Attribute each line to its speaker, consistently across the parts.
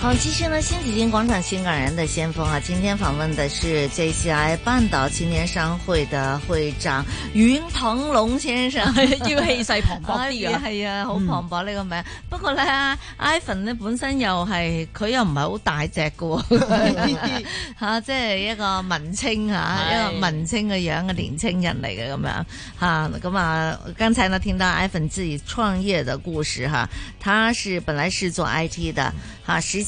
Speaker 1: 好，其實、哦、呢，新紫荊廣場新港人的先鋒啊，今天訪問的是 JCI 半島青年商會的會長雲騰龍先生， 要氣勢磅礴啲嘅，係啊，好磅礴呢個名。嗯、不過呢 Ivan 呢本身又係佢又唔係好大隻嘅，吓，即係一個文青吓、啊，是一個文青嘅樣嘅年青人嚟嘅咁樣，吓，咁啊，剛才呢聽到 Ivan 自己創業的故事哈，他是本來是做 IT 的吓，實。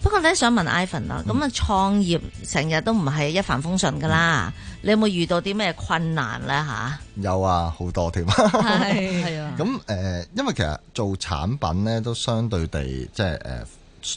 Speaker 1: 不過咧，想問 Ivan 啦、嗯，咁啊創業成日都唔係一帆風順噶啦，嗯、你有冇遇到啲咩困難咧？吓
Speaker 2: 有啊，好多添。係 係啊。咁誒、呃，因為其實做產品咧，都相對地即係誒。呃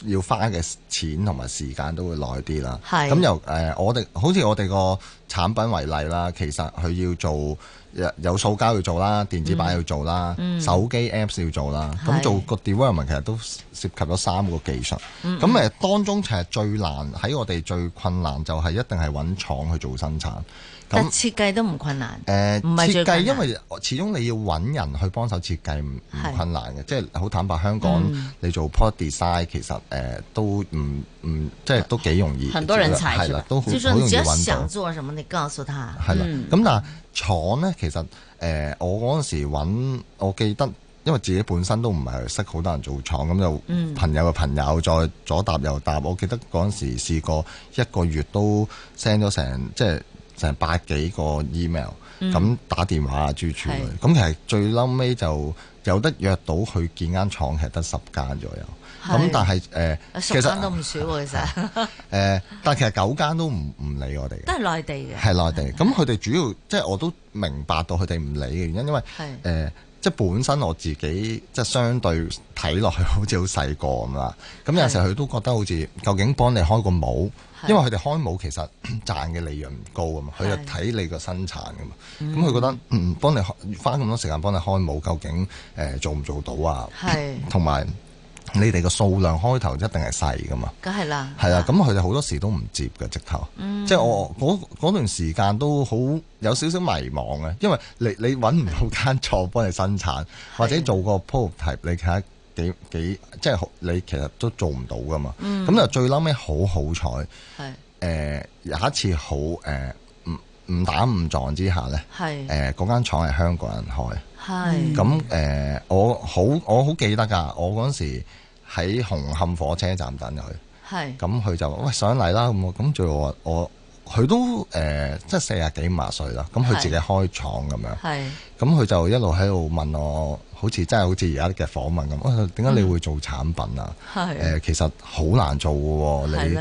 Speaker 2: 要花嘅錢同埋時間都會耐啲啦。咁的由誒，呃、我哋好似我哋個產品為例啦，其實佢要做有有塑膠要做啦，電子版要做啦，嗯、手機 Apps 要做啦。咁的做個 development 其實都涉及咗三個技術。咁誒、嗯嗯，當中其實最難喺我哋最困難就係一定係揾廠去做生產。但設
Speaker 1: 計都唔困難。
Speaker 2: 誒、呃，設計因為始終你要揾人去幫手設計，唔是困難嘅。即係好坦白，香港你做 product design 其實誒、呃、都唔唔，即係都幾容易。很多人採用。都你想
Speaker 1: 做，都好容易揾到。係啦。咁、嗯嗯、
Speaker 2: 但係廠咧，其實誒、呃，我嗰陣時揾，我記得因為自己本身都唔係識好多人做廠，咁就朋友嘅朋友再左搭右搭，我記得嗰陣時試過一個月都 send 咗成即係。成百幾個 email，咁打電話啊，諸如此類，咁是其實最嬲尾就有得約到去見到間廠，其實得十間左右。
Speaker 1: 咁是但係
Speaker 2: 誒，呃、其實都唔少喎，啊 呃、其實誒，但係其實九間都唔唔理我哋。都係
Speaker 1: 內地嘅，係
Speaker 2: 內地。咁佢哋主要即係的我都明白到佢哋唔理嘅原因，因為誒是、呃，即係本身我自己即係相對睇落去好似好細個咁啦。咁有時候佢都覺得好似究竟幫你開個帽。因為佢哋開模其實賺嘅利潤唔高啊嘛，佢是就睇你個生產噶嘛，咁佢、嗯、覺得嗯幫你花咁多時間幫你開模，究竟誒、呃、做唔做到啊？係是。同埋你哋個數量開頭一定係細噶嘛，梗係啦。係啦、啊，咁佢哋好多時都唔接嘅直頭，即係我嗰、嗯、段時間都好有少少迷茫嘅，因為你你揾唔到間廠幫你生產，是或者做個 prototype 你睇下。幾幾即係好，你其實都做唔到噶嘛。咁就最撈尾好好彩，係誒，有一次好誒，唔唔打唔撞之下咧，係誒，嗰間廠係香港人開，
Speaker 1: 係咁
Speaker 2: 誒，我好我好記得噶，我嗰時喺紅磡火車站等佢，係咁佢就話，喂，上嚟啦。咁我咁最我佢都誒即係四啊幾五十歲啦，咁佢自己開廠咁樣，係咁佢就一路喺度問我。好似真係好似而家嘅訪問咁，哇、啊！點解你會做產品啊？誒、嗯呃，其實好難做嘅喎，你。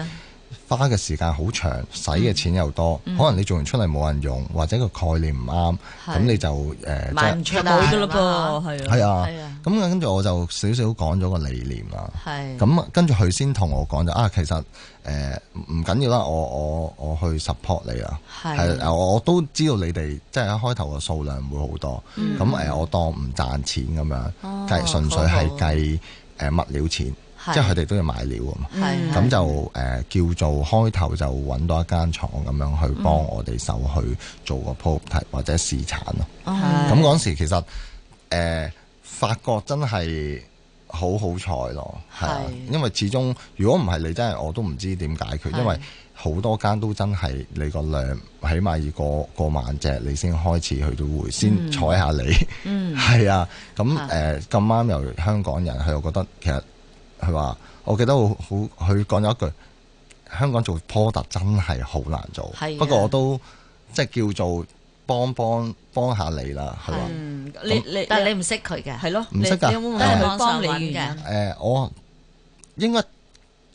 Speaker 2: 花嘅時間好長，使嘅錢又多，可能你做完出嚟冇人用，或者個概念唔啱，咁是你就誒賣唔出冇㗎咯噃，
Speaker 3: 係啊的，
Speaker 2: 咁跟住我就少少講咗個理念啦，咁的跟住佢先同我講就啊，其實誒唔緊要啦，我我我去 support 你啊的，係的，我都知道你哋即係一開頭個數量唔會好多，咁誒、嗯、我當唔賺錢咁樣，計純粹係計誒物料錢。即係佢哋都要買料㗎嘛，咁是是 就誒、呃、叫做開頭就揾到一間廠咁樣去幫我哋手去做個 prototype、嗯、或者試產咯。咁嗰、嗯、時其實誒發覺真係好好彩咯，係、啊、是 因為始終如果唔係你真係我都唔知點解決，是 因為好多間都真係你個量起碼要過過萬隻，你先開始去到會先睬下你。嗯，係 啊，咁誒咁啱由香港人去，佢又覺得其實。係嘛？我記得好，佢講咗一句：香港做 product 真係好難做。的不過我都即係叫做幫幫幫下你啦。係嘛？的他嗯，你那
Speaker 3: 你，
Speaker 1: 但係
Speaker 3: 你唔識佢嘅的，係咯？唔識㗎，都係網上
Speaker 2: 揾嘅。誒，我應該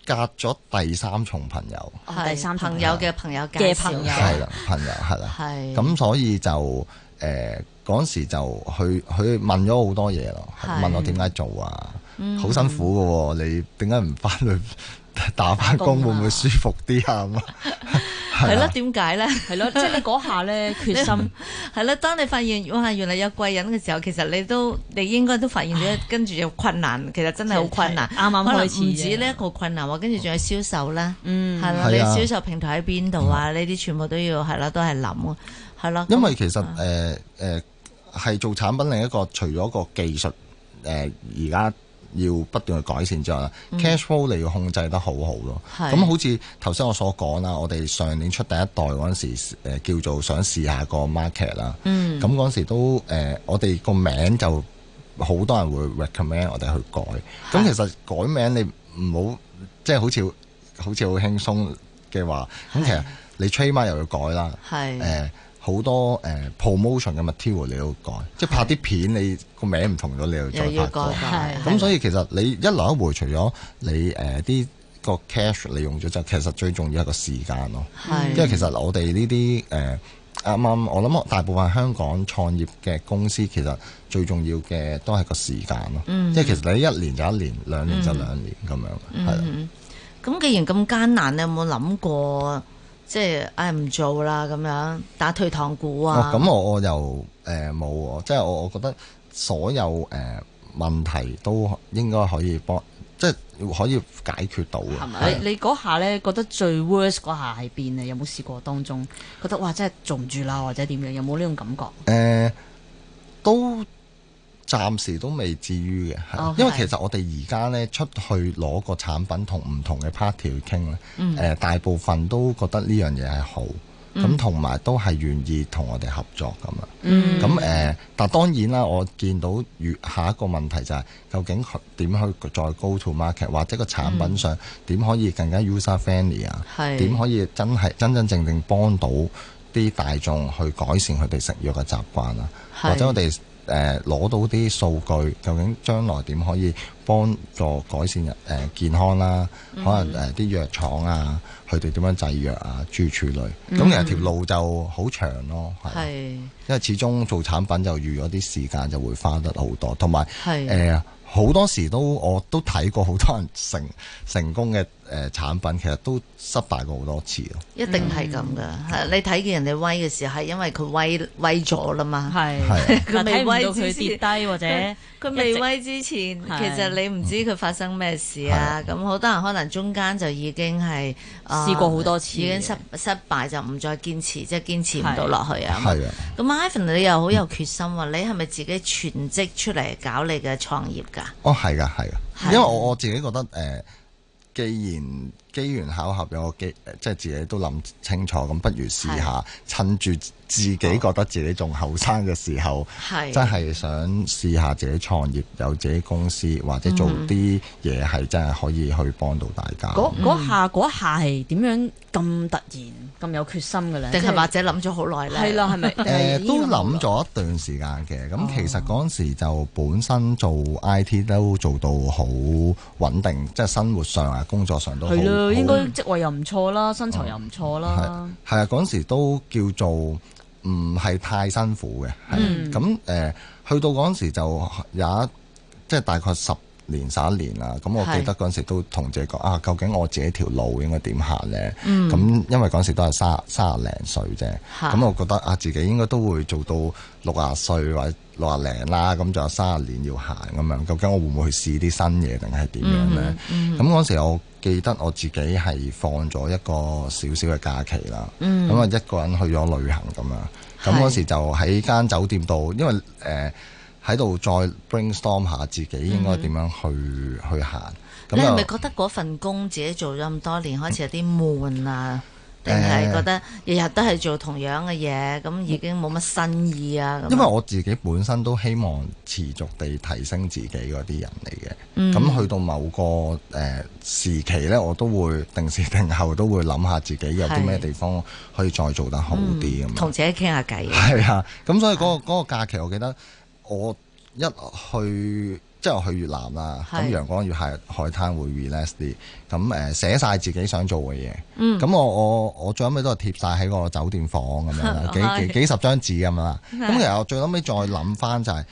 Speaker 2: 隔咗第三重朋友，
Speaker 3: 第三朋友嘅朋友
Speaker 1: 嘅朋友，係啦，
Speaker 2: 朋友係啦。係。咁 的所以就誒嗰、呃、時就去佢問咗好多嘢咯，問我點解做啊？好辛苦嘅，你點解唔翻去打翻工會唔會舒服啲啊？係咯，
Speaker 1: 點解咧？係咯，即係你嗰下咧決心係啦。當你發現哇，原來有貴人嘅時候，其實你都你應該都發現咗，跟住有困難，其實真係好困難。啱啱開始唔止呢一個困難，跟住仲有銷售啦。嗯，係啦，你銷售平台喺邊度啊？呢啲全部都要係啦，都係
Speaker 2: 諗嘅。係咯，因為其實誒誒係做產品另一個除咗個技術誒而家。要不斷去改善之後啦，cash flow 你要控制得好好咯。咁好似頭先我所講啦，我哋上年出第一代嗰陣時、呃，叫做想試下個 market 啦。咁嗰陣時都誒、呃，我哋個名就好多人會 recommend 我哋去改。咁是其實改名你唔、就是、好，即係好似好似好輕鬆嘅話，咁是其實你 trade mark 又要改啦。係是、呃好多誒、uh, promotion 嘅 material 你要改，是即係拍啲片，你個名唔同咗，你又要再拍。係，咁所以其實你一來一回，除咗你誒啲、uh, 個 cash 你用咗，就其實最重要係個時間咯。係是，因為其實我哋呢啲誒啱啱，uh, 啱啱我諗大部分香港創業嘅公司，其實最重要嘅都係個時間咯。即係、嗯、哼其實你一年就一年，兩年就兩年咁樣。
Speaker 3: 嗯哼，
Speaker 1: 咁的、嗯、既然咁艱難，你有冇諗過？即係唉，唔做啦，咁樣打退堂鼓啊！哦，咁我
Speaker 2: 我又誒冇、呃，即係我我覺得所有誒、呃、問題都應該可以幫，即係可以解決到嘅。係咪？係。
Speaker 3: 你嗰下咧覺得最 worst 嗰下喺邊啊？有冇試過當中覺得哇，真係做唔住啦，或者點樣？有冇呢種感覺？
Speaker 2: 誒、呃、都。暫時都未至於嘅，Okay. 因為其實我哋而家咧出去攞個產品同唔同嘅 party 去傾咧，誒、嗯呃、大部分都覺得呢樣嘢係好，
Speaker 3: 咁同
Speaker 2: 埋都係願意同我哋合作咁啊。咁誒、嗯呃，但當然啦，我見到越下一個問題就係、是、究竟點去再 go to market，或者個產品上點、嗯、可以更加 user friendly 啊的？點可以真係真真正正幫到啲大眾去改善佢哋食藥嘅習慣啊？的的或者我哋。誒攞、呃、到啲數據，究竟將來點可以幫助改善人、呃、健康啦？嗯、可能誒啲、呃、藥廠啊，佢哋點樣製藥啊、諸如此類，咁、嗯嗯、其實條路就好長咯，係、啊。是 因為始終做產品就預咗啲時間就會花得好多，同埋誒好多時都我都睇過好多人成成功嘅。誒，產品其實都失敗過好多次咯，
Speaker 1: 一定係咁噶。你睇見人哋威嘅時候，係因為佢威威咗啦嘛。係佢未威到佢跌低，或者佢未威之前，其實你唔知佢發生咩事啊。咁好多人可能中間就已經係試過好多次，已經失失敗就唔再堅持，即係堅持唔到落去啊。咁 Ivan 你又好有決心喎。你係咪自己全職出嚟搞你嘅創業噶？
Speaker 2: 哦，係噶，係噶，因為我我自己覺得誒。既然，機緣巧合有個機，即係自己都諗清楚，咁不如試下，是趁住自己覺得自己仲後生嘅時候，是真係想試下自己創業，有自己公司或者做啲嘢，係真係可以去幫到大家。
Speaker 3: 嗰、嗯、下嗰下係點樣咁突然咁、嗯、有決心嘅咧？定係或者諗咗好耐
Speaker 1: 咧？係啦，係咪？誒
Speaker 2: 呃，都諗咗一段時間嘅。咁其實嗰陣時就本身做 IT 都做到好穩定，嗯、即係生活上啊、工作上都好。的佢應該
Speaker 3: 職位又唔錯啦，薪酬又唔錯啦。係
Speaker 2: 係啊，嗰、嗯、陣時都叫做唔係太辛苦嘅。嗯，咁、呃、誒，去到嗰陣時就有一即係大概十年曬一年啦，咁我記得嗰陣時都同自己講是啊，究竟我自己條路應該點行呢？嗯、咁因為嗰陣時都係三三十零歲啫，咁是、嗯、我覺得啊，自己應該都會做到六十歲或者六十零啦，咁仲有三十年要行咁樣，究竟我會唔會去試啲新嘢定係點樣呢？咁嗰陣時我記得我自己係放咗一個少少嘅假期啦，咁啊、嗯嗯、一個人去咗旅行咁樣，咁嗰時就喺間酒店度，因為誒。呃喺度再 brainstorm 下自己應該點樣去、嗯、去行。你係咪
Speaker 1: 覺得嗰份工自己做咗咁多年，嗯、開始有啲悶啊？
Speaker 2: 定係覺得
Speaker 1: 日日都係做同樣嘅嘢，咁、嗯、已經冇乜新意啊？因為我
Speaker 2: 自己本身都希望持續地提升自己嗰啲人嚟嘅。咁、嗯、去到某個誒時期呢，我都會定時定候都會諗下自己有啲咩地方可以再做得好啲咁。同是、嗯、自己傾下偈。係啊，咁所以嗰、嗰個嗰、嗰個嗰個假期，我記得。我一去即係我去越南啦，咁是陽光越海海灘會 relax 啲，咁誒、呃、寫晒自己想做嘅嘢，咁、嗯、我我我最尾都係貼晒喺個酒店房咁樣，幾幾幾十張紙咁啦。咁 是其實我最尾再諗翻就係、是、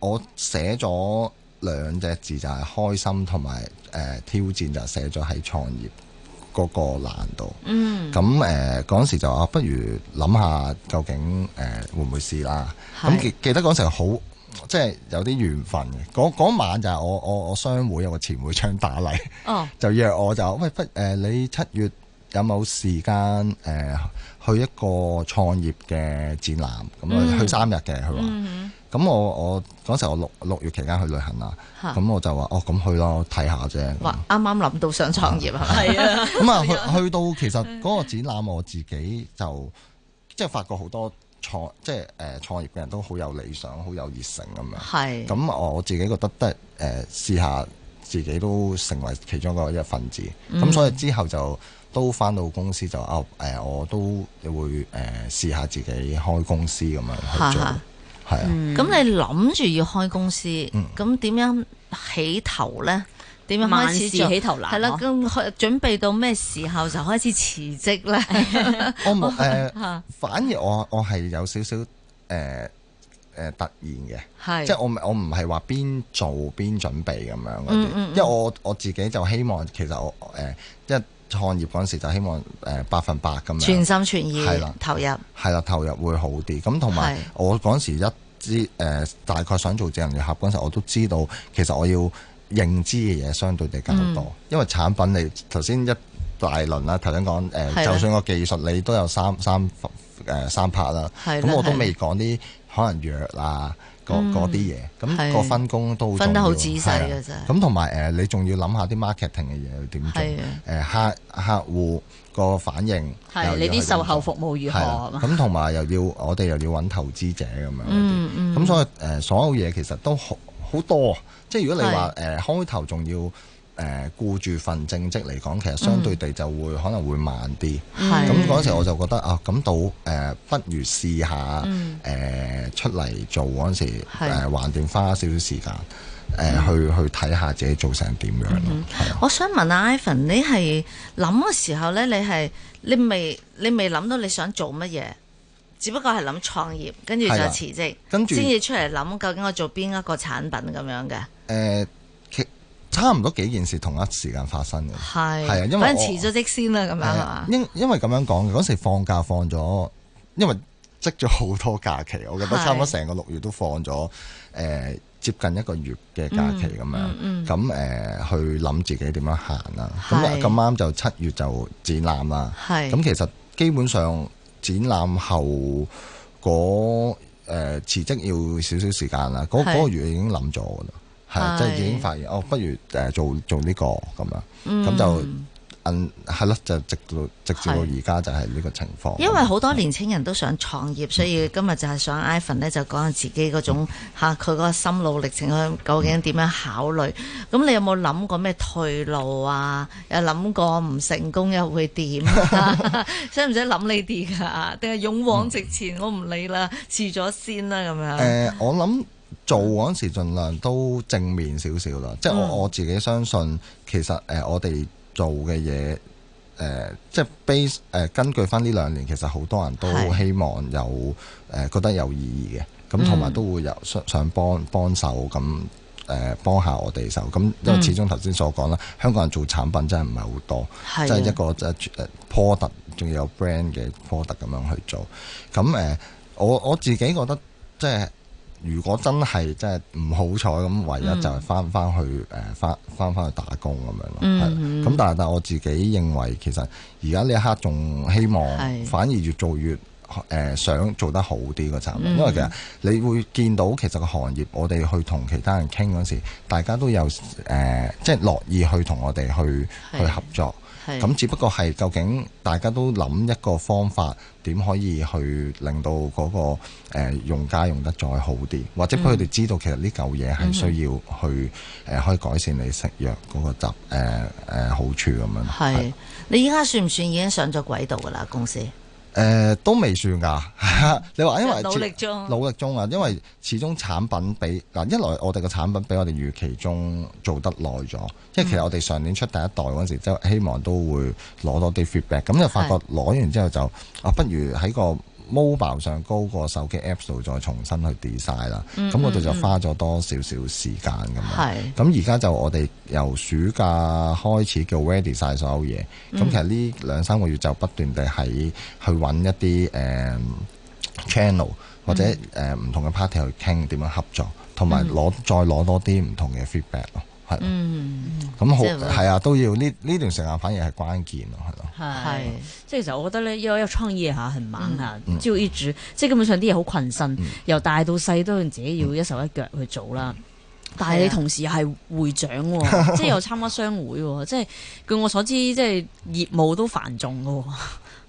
Speaker 2: 我寫咗兩隻字，就係、是、開心同埋誒挑戰，就寫咗喺創業嗰個難度。嗯，咁誒嗰陣時就話，不如諗下究竟誒、呃、會唔會試啦？咁記記得嗰陣時好。即係有啲緣分嘅，嗰晚就係我我我商會有個前會長打嚟，哦、 就約我就，喂不誒你七月有冇時間誒、呃、去一個創業嘅展覽咁去三日嘅佢話，咁、嗯、哼我我嗰陣時候我六六月期間去旅行啦，咁哈我就話哦咁去咯，睇下啫。哇！
Speaker 1: 啱啱諗到想創業係咪？係啊，咁啊
Speaker 2: 去去到其實嗰個展覽我自己就即係發覺好多，創即係誒，創、呃、業嘅人都好有理想，好有熱誠咁樣。係是。咁我自己覺得都係誒，試、呃、下自己都成為其中嘅一份子。咁、嗯、所以之後就都返到公司就啊，誒、呃，我都會誒試下自己開公司咁樣去做。係啊。
Speaker 1: 咁、啊嗯、你諗住要開公司，咁點、嗯、樣起頭呢？點樣開始，萬事起頭難？係啦，咁準備到咩時候就開始辭職咧？我冇，誒，
Speaker 2: 反而我我係有少少誒誒、呃呃、突然嘅，係是即係我我唔係話邊做邊準備咁樣，嗯嗯嗯，因為我我自己就希望其實我誒，因為創業嗰時就希望誒百分百咁樣全心全意係啦投入係啦了投，入投入會好啲咁，同埋是我嗰時一知誒、呃、大概想做智能人盒嗰時，我都知道其實我要。認知嘅嘢相對地較多，因為產品你頭先一大輪啦。頭先講誒，就算個技術你都有三三誒三拍啦，咁我都未講啲可能藥啊，嗰啲嘢。咁個分工都好重要，係啦。咁同埋誒，你仲要諗下啲 marketing 嘅嘢點做？誒客客戶個反應，係你啲售後服務如何？咁同埋又要我哋又要揾投資者咁樣。咁所以誒，所有嘢其實都好。好多即係如果你話誒開頭仲要誒顧住份正職嚟講，其實相對地就會、嗯、可能會慢啲。咁嗰陣時我就覺得啊，咁到誒不如試下誒、嗯呃、出嚟做嗰陣時誒，橫掂是、呃、花少少時間誒、呃、去去睇下自己做成點樣
Speaker 1: 咯。嗯嗯是我想問啊，Ivan，你係諗嘅時候咧，你係你未你未諗到你想做乜嘢？只不過係諗創業，跟住就辭職，先至著出嚟諗究竟我做邊一個產品咁樣嘅。
Speaker 2: 誒、呃，其差唔多幾件事同一時間發生嘅，
Speaker 1: 係係啊，因為我辭咗職先啦，咁樣係嘛、呃。因
Speaker 2: 因為咁樣講嘅嗰時放假放咗，因為積咗好多假期，我記得差唔多成個六月都放咗，誒、呃、接近一個月嘅假期咁、嗯嗯、樣，咁、呃、誒去諗自己點樣行啦。咁咁啱就七月就展覽啦，咁是其實基本上。展覽後嗰誒辭職要少少時間啦，嗰、嗰個月已經諗咗啦，係是即係已經發現是哦，不如誒做做呢、呢個咁樣，咁、嗯、就。嗯，係咯，就直到直至到而家就係呢個情況。因
Speaker 1: 為好多年輕人都想創業，嗯、所以今日就係想 Ivan 就講下自己嗰種吓佢、嗯啊、個心路歷程，究竟點樣考慮？咁、嗯、你有冇諗過咩退路啊？有諗過唔成功又會點？
Speaker 3: 使唔使諗呢啲噶？定係勇往直
Speaker 1: 前？我唔理啦，試咗先啦，咁樣。誒，
Speaker 2: 我諗做嗰時盡量都正面少少啦。嗯、即係我我自己相信，其實誒我哋、嗯。做嘅嘢，誒、呃，即係 base 誒、呃，根據翻呢兩年，其實好多人都好希望有誒是、呃，覺得有意義嘅，咁同埋都會有想想幫幫手，咁誒幫下我哋手，咁因為始終頭先所講啦，嗯、香港人做產品真係唔係好多，是即係一個即係 product，仲要有 brand 嘅 product 咁樣去做，咁誒、呃，我我自己覺得即係。如果真係即係唔好彩咁，唯一就係返返去誒返返返去打工咁樣咯。咁、嗯、但但我自己認為，其實而家呢一刻仲希望，是的 反而越做越誒、呃、想做得好啲個產品，嗯、因為其實你會見到其實個行業，我哋去同其他人傾嗰時，大家都有誒即係樂意去同我哋去去合作。咁是只不過係，究竟大家都諗一個方法，點可以去令到嗰、嗰個、呃、用家用得再好啲，或者俾佢哋知道、嗯、其實呢嚿嘢係需要去誒、呃、可以改善你食藥嗰個習誒、呃呃、好處咁樣。係你依家算唔算已經上咗軌道㗎啦公司？誒、呃、都未算㗎， 你話因為努力中，努力中啊，因為始終產品比嗱一來我哋嘅產品比我哋預期中做得耐咗，即係、嗯、其實我哋上年出第一代嗰陣時，即係希望都會攞多啲 feedback，咁就發覺攞完之後就的啊，不如喺個 mobile 上高過手機 app 度，再重新去 decide 曬啦。咁我哋就花咗多少少時間咁樣。咁而家就我哋由暑假開始叫 ready 曬所有嘢。咁、嗯、其實呢兩三個月就不斷地喺去揾一啲誒、um, channel 或者誒唔、uh, 同嘅 party 去傾點樣合作，同埋攞再攞多啲唔同嘅 feedback 咯。
Speaker 3: 嗯，咁好，係啊，
Speaker 2: 都要呢呢段時間，反而係關鍵咯，係咯，
Speaker 3: 係，即係其實我覺得咧，因為創業吓很忙啊，就一直，即係根本上啲嘢好困身，由大到細都自己要一手一腳去做啦。但係你同時係會長，即係又參加商會，即係據我所知，即係業務都繁重噶。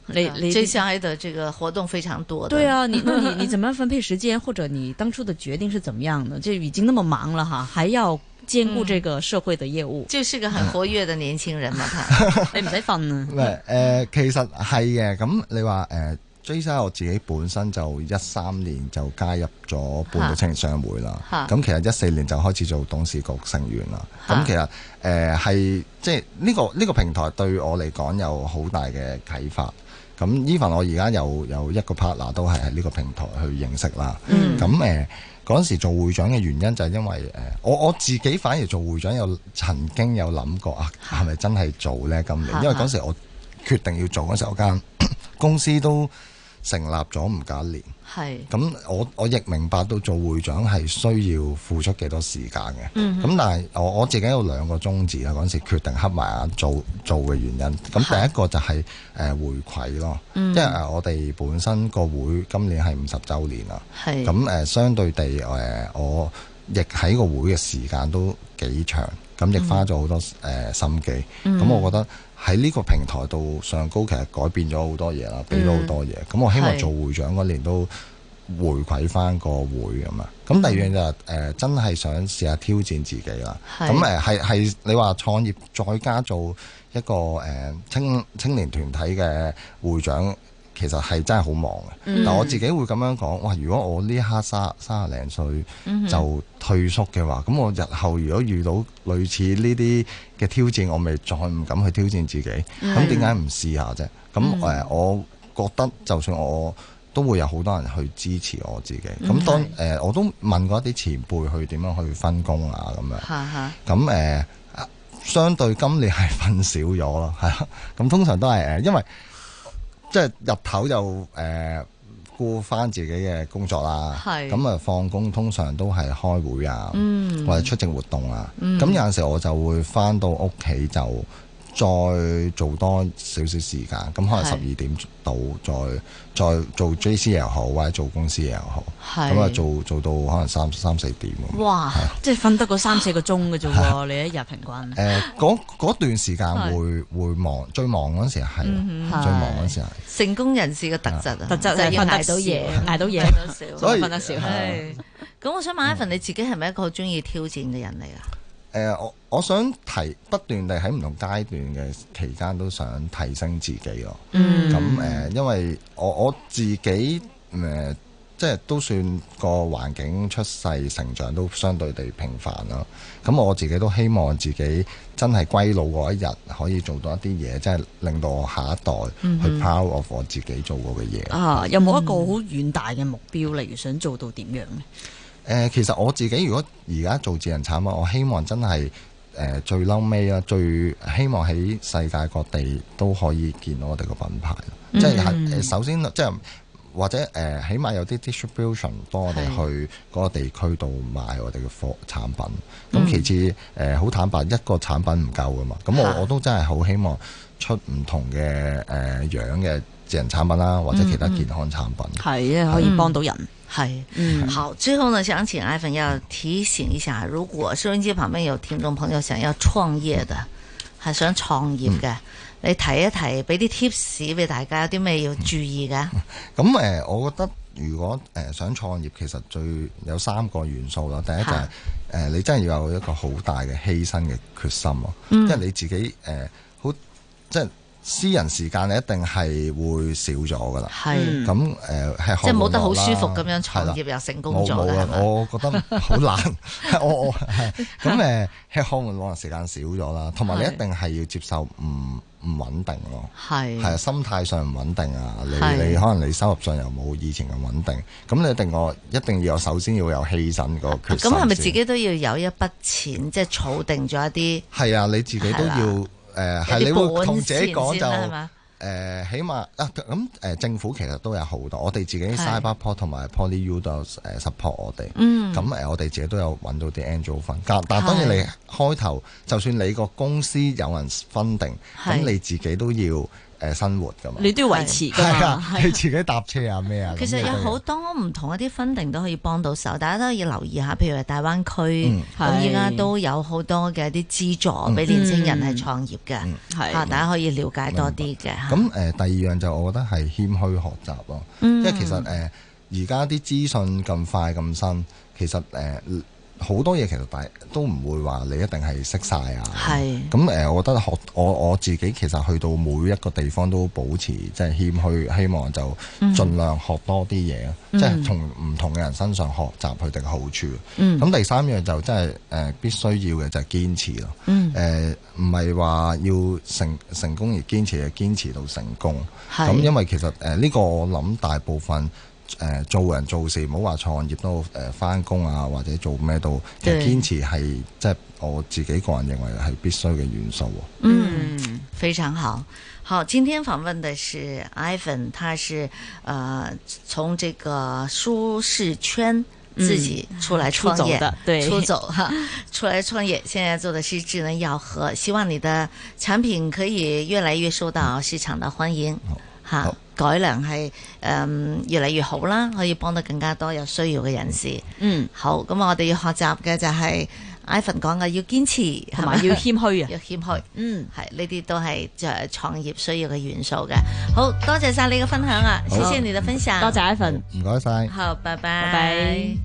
Speaker 3: 你你最近
Speaker 1: 喺度做個活動非常多。對啊，
Speaker 3: 你你你怎麼樣分配時間？或者你當初的決定是怎麼樣的？就已經那麼忙了哈，還要。兼顧這個社會的業務，就、嗯、是個很活躍的年輕人嘛，佢唔使瞓
Speaker 2: 啊。誒、嗯 呃，其實係嘅。咁你話誒，JCI，我自己本身就一三年就加入咗半島青年商會啦。咁 其實一四年就開始做董事局成員啦。咁 其實誒係、呃、即係、這、呢個呢、這個平台對我嚟講有好大嘅啟發。咁 even 我而家有有一個 partner 都係喺呢個平台去認識啦。咁誒、 嗯。 嗰陣時做會長嘅原因就係因為誒，我我自己反而做會長有曾經有諗過啊，係咪真係做呢？今年，因為嗰時我決定要做嗰時候間 公司都成立咗唔夠一年。係，咁是我我亦明白到做會長係需要付出幾多時間嘅，咁、嗯、哼但係我我自己有兩個宗旨啦，嗰陣時決定黑埋眼做做嘅原因，咁第一個就係誒回饋咯，因為我哋本身個會今年係五十週年啦，咁誒是、呃、相對地誒、呃、我亦喺個會嘅時間都幾長，咁亦花咗好多誒、嗯呃、心機，咁、嗯呃、我覺得。喺呢個平台度上高，其實改變咗好多嘢啦，俾咗好多嘢。咁、嗯、我希望做會長嗰年都回饋翻個會咁嘛。咁、嗯、第二樣就誒，真係想試下挑戰自己啦。咁誒係係你話創業再加做一個誒、呃、青青年團體嘅會長。其實係真係好忙嘅，嗯、但我自己會咁樣講，哇！如果我呢一刻三三十零歲就退縮嘅話，咁、嗯、哼我日後如果遇到類似呢啲嘅挑戰，我咪再唔敢去挑戰自己。咁點解唔試下啫？咁誒、嗯呃，我覺得就算我都會有好多人去支持我自己。咁、嗯、哼當誒、呃，我都問過一啲前輩去點樣去分工啊，咁樣。
Speaker 1: 嚇
Speaker 2: 咁誒，相對今年係瞓少咗咯，係啊。咁通常都係誒，因為。即係日頭就誒、呃、顧翻自己嘅工作啦，咁啊放工通常都係開會啊，嗯、或者出席活動啊，咁、嗯、有陣時我就會翻到屋企就，再做多少少時間，咁可能十二點到，再再做 JC 又好，或者做公司又好，咁啊做做到可能三三四點。哇！
Speaker 3: 即係瞓得嗰三四個鐘嘅啫喎，你一日平均。誒，
Speaker 2: 嗰段時間會會忙，最忙嗰陣時係，最忙嗰陣時係。
Speaker 3: 成功人士嘅特質啊，特質係要捱到夜，
Speaker 1: 捱到夜，所以瞓得少。係。咁我想問阿 Vin，你自己係咪一個好中意挑戰
Speaker 2: 嘅人嚟啊？誒，我我想提不斷地喺唔同階段嘅期間都想提升自己咯。咁誒、嗯嗯，因為我我自己誒、嗯，即係都算個環境出世成長都相對地平凡咯。咁我自己都希望自己真係歸老嗰一日可以做到一啲嘢，即係令到我下一代去 proud of 我自己做過嘅嘢、嗯。啊，
Speaker 3: 有冇一個好遠大嘅目標，例如想做到點樣？嗯嗯
Speaker 2: 誒、呃，其實我自己如果而家做智能產品，我希望真係誒、呃、最嬲尾啊，最希望喺世界各地都可以見到我哋個品牌、嗯、即係首先即係或者誒、呃，起碼有啲 distribution 幫我哋去嗰個地區度賣我哋嘅貨產品。咁是其次誒，好、嗯呃、坦白，一個產品唔夠噶嘛。咁我是我都真係好希望出唔同嘅誒、呃、樣嘅智能產品啦，或者其他健康產品。
Speaker 3: 係、嗯，因
Speaker 1: 為可以幫到人。嗯係，嗯，好，最後呢，想請 Ivan 要提醒一下，如果收音機旁邊有聽眾朋友想要創業的，想創業嘅，嗯、你看一看提一提，俾啲 tips 俾大家，有啲咩要注意嘅？咁誒、嗯
Speaker 2: 嗯嗯嗯嗯呃，我覺得如果誒、呃、想創業，其實最有三個元素咯，第一就係誒，你真係要有一個好大嘅犧牲嘅決心咯，即、就、係、是、你自己誒、呃，好即係。私人時間一定係會少咗噶啦，咁誒，吃糠即係冇得好舒服咁樣創業又成功咗啦。我覺得好難，我我咁誒吃糠嘅可能時間少咗啦，同埋你一定係要接受唔唔穩定咯，係係啊，心態上唔穩定啊，你你可能你收入上又冇以前咁穩定，咁你一定我一定要首先要有氣震個決心。咁係咪自
Speaker 1: 己都要有一筆錢，即係儲定咗一啲？
Speaker 2: 係啊，你自己都要。誒係你同自己講就誒，起碼、呃、啊咁誒、呃，政府其實都有好多，我哋自己 Cyber Port 同埋 PolyU 都誒 support 我哋。的嗯、啊，咁誒我哋自己都有揾到啲 Angel fund。但係當然你開頭是的 就算你個公司有人分定，咁你自己都要。誒，生活噶嘛，你都
Speaker 3: 要維持噶嘛？係啊，係
Speaker 2: 自己搭車啊，咩啊？其實有好
Speaker 1: 多唔同一啲 funding 都可以幫到手，大家都可以留意下。譬如大灣區，咁依家都有好多嘅一啲資助俾年青人係創業嘅，吓、嗯嗯、大家可以了
Speaker 2: 解多啲嘅。咁誒、呃，第二樣就我覺得係謙虛學習咯，即、嗯、因為其實誒，而家啲資訊咁快咁新，其實誒。呃好多嘢其實大都唔會話你一定係識晒啊，咁誒是，我覺得學我我自己其實去到每一個地方都保持即係、就是、謙虛，希望就盡量學多啲嘢，即係、嗯、從唔同嘅人身上學習佢哋嘅好處。咁、嗯、第三樣就真係誒必須要嘅就係、是、堅持咯。誒唔係話要成成功而堅持，係堅持到成功。咁是、嗯、因為其實誒呢、呃這個我諗大部分。呃、做人做事唔好話創業都誒翻工啊，或者做咩都，其實堅持係對即係我自己個人認為係必須嘅元素喎。
Speaker 1: 嗯，非常好，好，今天訪問的是 Ivan 他是誒、呃、從這個舒適圈自己出來創業、嗯、的，出走哈，出來創業，現在做的是智能藥盒，希望你的產品可以越來越受到市場的歡迎。吓好改良係誒、嗯，越嚟越好啦，可以幫到更加多有需要嘅人士。嗯，好 嗯，好，咁啊，我哋要學習嘅就係，Ivan 講嘅要堅持，同埋要謙虛啊，要謙虛。嗯，係呢啲都係就係創業需要嘅元素嘅。好多謝晒你嘅分享啊！謝謝你嘅分享，多謝 Ivan，唔該晒。好，拜拜。拜拜。